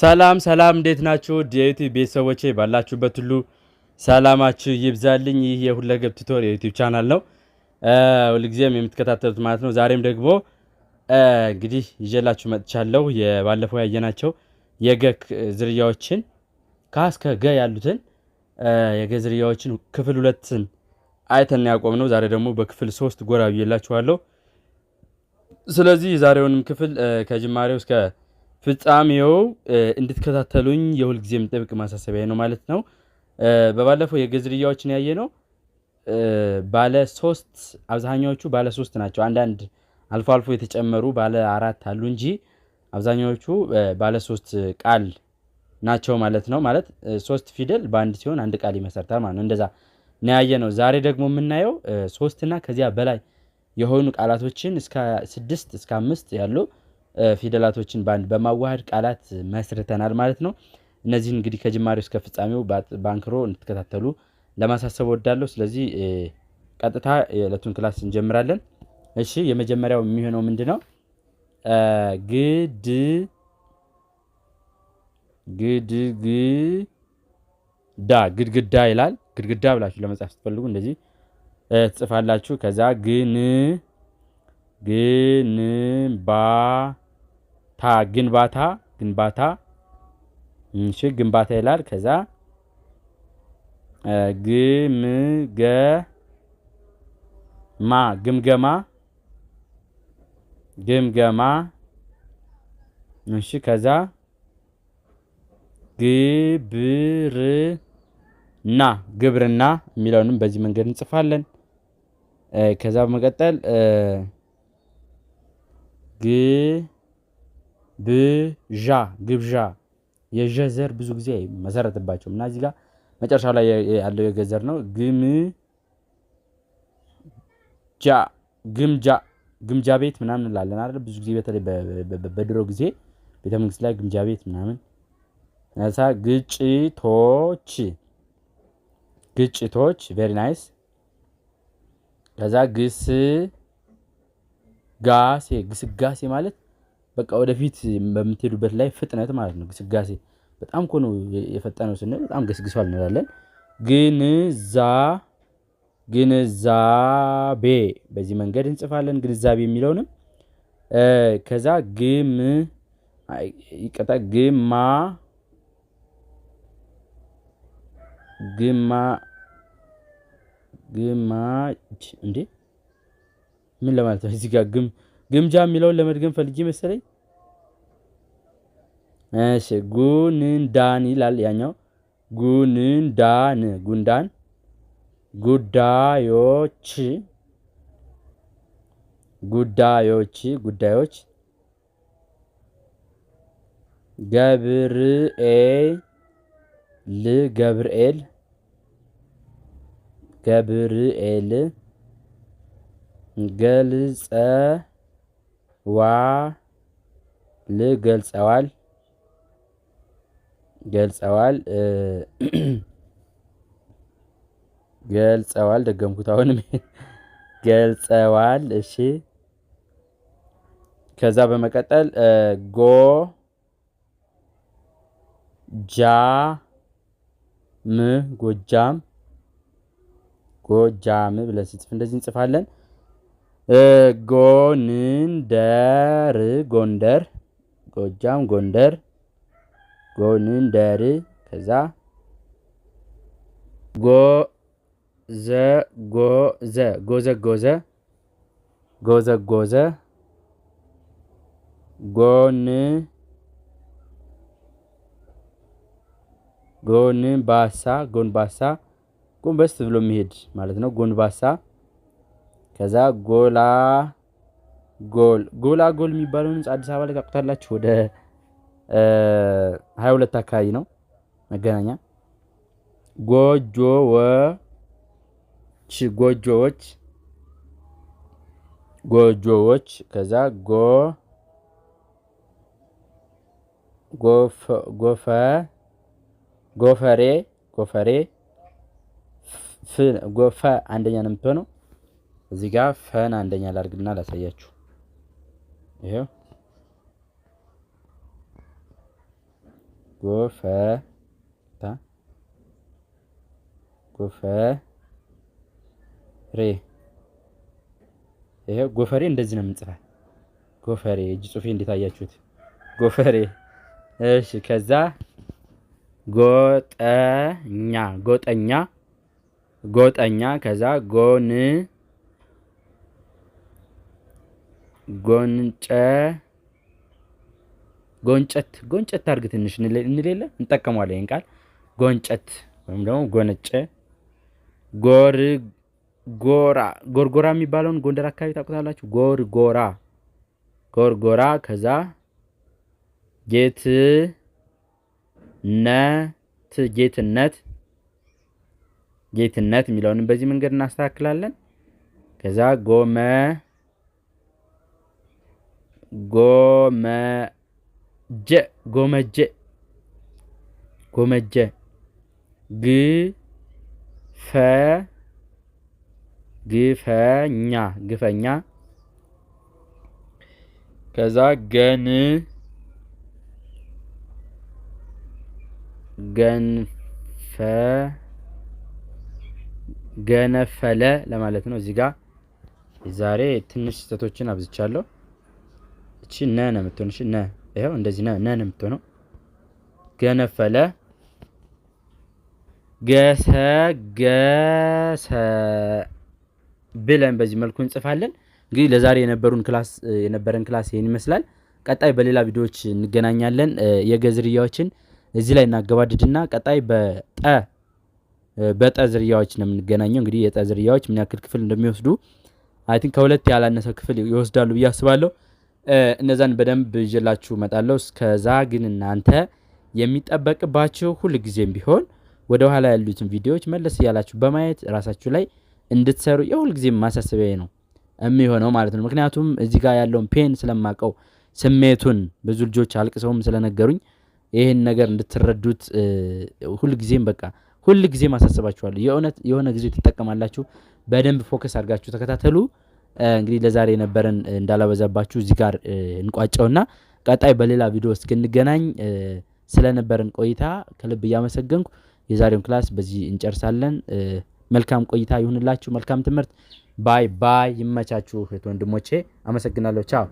ሰላም ሰላም፣ እንዴት ናችሁ? የዩቲዩብ ቤተሰቦቼ ባላችሁበት ሁሉ ሰላማችሁ ይብዛልኝ። ይህ የሁለገብ ቱቶር የዩቲዩብ ቻናል ነው፣ ሁልጊዜም የምትከታተሉት ማለት ነው። ዛሬም ደግሞ እንግዲህ ይዤላችሁ መጥቻለሁ። ባለፈው ያየናቸው የገ ዝርያዎችን ከ እስከ ገ ያሉትን የገ ዝርያዎችን ክፍል ሁለትን አይተን ያቆም ነው። ዛሬ ደግሞ በክፍል ሶስት ጎራ ብዬላችኋለሁ። ስለዚህ የዛሬውንም ክፍል ከጅማሬው እስከ ፍጻሜው እንድትከታተሉኝ የሁልጊዜም ጥብቅ ማሳሰቢያ ነው ማለት ነው። በባለፈው የግዝርያዎችን ያየ ነው። ባለ ሶስት አብዛኛዎቹ ባለ ሶስት ናቸው። አንዳንድ አልፎ አልፎ የተጨመሩ ባለ አራት አሉ እንጂ አብዛኛዎቹ ባለ ሶስት ቃል ናቸው ማለት ነው። ማለት ሶስት ፊደል በአንድ ሲሆን አንድ ቃል ይመሰርታል ማለት ነው። እንደዛ ነው ያየ ነው። ዛሬ ደግሞ የምናየው ሶስትና ከዚያ በላይ የሆኑ ቃላቶችን እስከ ስድስት እስከ አምስት ያሉ ፊደላቶችን በአንድ በማዋሃድ ቃላት መስርተናል ማለት ነው። እነዚህን እንግዲህ ከጅማሬው እስከ ፍጻሜው በአንክሮ እንድትከታተሉ ለማሳሰብ ወዳለሁ። ስለዚህ ቀጥታ የዕለቱን ክላስ እንጀምራለን። እሺ የመጀመሪያው የሚሆነው ምንድን ነው? ግድ ግድግዳ ግድግዳ ይላል። ግድግዳ ብላችሁ ለመጻፍ ስትፈልጉ እንደዚህ ትጽፋላችሁ። ከዛ ግን ግንባ ታ ግንባታ ግንባታ እሺ ግንባታ ይላል። ከዛ ግምገማ ግምገማ ግምገማ እሺ ከዛ ግብርና ግብርና የሚለውንም በዚህ መንገድ እንጽፋለን። ከዛ በመቀጠል ግ ብዣ ግብዣ የዠ ብዙ ጊዜ መሰረትባቸው እና እዚህ ጋር መጨረሻው ላይ ያለው የገዘር ነው። ጃ ግምጃ ግምጃ ቤት ምናምን እንላለን አይደል? ብዙ ጊዜ በተለይ በድሮ ጊዜ ቤተ መንግስት ላይ ግምጃ ቤት ምናምን ነሳ። ግጭቶች ግጭቶች ቬሪ ናይስ። ከዛ ጋሴ ግስጋሴ ማለት በቃ ወደፊት በምትሄዱበት ላይ ፍጥነት ማለት ነው። ግስጋሴ በጣም እኮ ነው የፈጠነው ስንል በጣም ገስግሷል እንላለን። ግንዛ ግንዛቤ በዚህ መንገድ እንጽፋለን። ግንዛቤ የሚለውንም ከዛ ግም ይቀጣ ግማ ግማ ግማጅ እንዴ ምን ለማለት ነው? እዚህ ጋር ግም ግምጃ የሚለውን ለመድገም ፈልጌ መሰለኝ። እሺ ጉንዳን ይላል ያኛው ጉንዳን ጉንዳን ጉዳዮች ጉዳዮች ጉዳዮች ገብርኤል ገብርኤል ገብርኤል ገልጸዋል ገልጸዋል ገልጸዋል ገልጸዋል ደገምኩት አሁንም ገልጸዋል። እሺ ከዛ በመቀጠል ጎ ጃ ም ጎጃም ጎጃም ብለን ስንጽፍ እንደዚህ እንጽፋለን። ጎንንደር ጎንደር ጎጃም ጎንደር ጎንደር ከዛ ጎዘጎዘ ጎዘጎዘ ጎዘጎዘ ጎን ጎንባሳ ጎንባሳ ጎንበስ ብሎ የሚሄድ ማለት ነው። ጎን ባሳ ከዛ ጎላ ጎል ጎላ ጎል የሚባለውን አዲስ አበባ ላይ ታውቁታላችሁ ወደ ሀያ ሁለት አካባቢ ነው መገናኛ ጎጆዎች ጎጆዎች ጎጆዎች ከዛ ጎ ጎፈ ጎፈሬ ጎፈሬ ጎፈ አንደኛ ነው የምትሆነው። እዚህ ጋር ፈን አንደኛ ላድርግና ላሳያችሁ። ይሄው ጎፈታ ጎፈሬ ይሄ ጎፈሬ እንደዚህ ነው የምንጽፋ ጎፈሬ እጅ ጽሁፌ እንዲታያችሁት ጎፈሬ። እሺ፣ ከዛ ጎጠኛ ጎጠኛ ጎጠኛ ከዛ ጎን ጎንጨ ጎንጨት ጎንጨት አድርግ ትንሽ እንሌለ እንጠቀሟለን። ይህን ቃል ጎንጨት ወይም ደግሞ ጎነጨ፣ ጎርጎራ ጎርጎራ የሚባለውን ጎንደር አካባቢ ታውቁታላችሁ። ጎርጎራ ጎርጎራ ከዛ ጌትነት ጌትነት ጌትነት የሚለውንም በዚህ መንገድ እናስተካክላለን። ከዛ ጎመ ጎመ ጀ ጎመጀ ጎመጀ ግ ፈ ግፈኛ ግፈኛ ከዛ ገን ገንፈ ገነፈለ ለማለት ነው። እዚህ ጋር ዛሬ ትንሽ ስህተቶችን አብዝቻለሁ። እቺ ነ ነው የምትሆን ነ ይኸው እንደዚህ ነን የምትሆነው። ገነፈለ፣ ገሰገሰ ብለን በዚህ መልኩ እንጽፋለን። እንግዲህ ለዛሬ የነበሩን ክላስ የነበረን ክላስ ይህን ይመስላል። ቀጣይ በሌላ ቪዲዮዎች እንገናኛለን። የገ ዝርያዎችን እዚህ ላይ እናገባድድና ቀጣይ በጠ በጠ ዝርያዎች ነው የምንገናኘው። እንግዲህ የጠ ዝርያዎች ምን ያክል ክፍል እንደሚወስዱ አይ ቲንክ ከሁለት ያላነሰ ክፍል ይወስዳሉ ብዬ አስባለሁ። እነዛን በደንብ ይዤላችሁ እመጣለሁ። እስከዛ ግን እናንተ የሚጠበቅባችሁ ጊዜም ቢሆን ወደ ኋላ ያሉትን ቪዲዮዎች መለስ እያላችሁ በማየት ራሳችሁ ላይ እንድትሰሩ የሁል ጊዜ ማሳሰቢያ ነው የሚሆነው ማለት ነው። ምክንያቱም እዚህ ጋር ያለውን ፔን ስለማቀው ስሜቱን ብዙ ልጆች አልቅሰውም ስለነገሩኝ ይህን ነገር እንድትረዱት ጊዜም በቃ ሁልጊዜም ጊዜ የእውነት የሆነ ጊዜ ትጠቀማላችሁ። በደንብ ፎከስ አድርጋችሁ ተከታተሉ። እንግዲህ ለዛሬ የነበረን እንዳላበዛባችሁ እዚህ ጋር እንቋጨውና ቀጣይ በሌላ ቪዲዮ እስክንገናኝ ስለነበረን ቆይታ ከልብ እያመሰገንኩ የዛሬውን ክላስ በዚህ እንጨርሳለን። መልካም ቆይታ ይሁንላችሁ። መልካም ትምህርት። ባይ ባይ። ይመቻችሁ ወንድሞቼ። አመሰግናለሁ። ቻው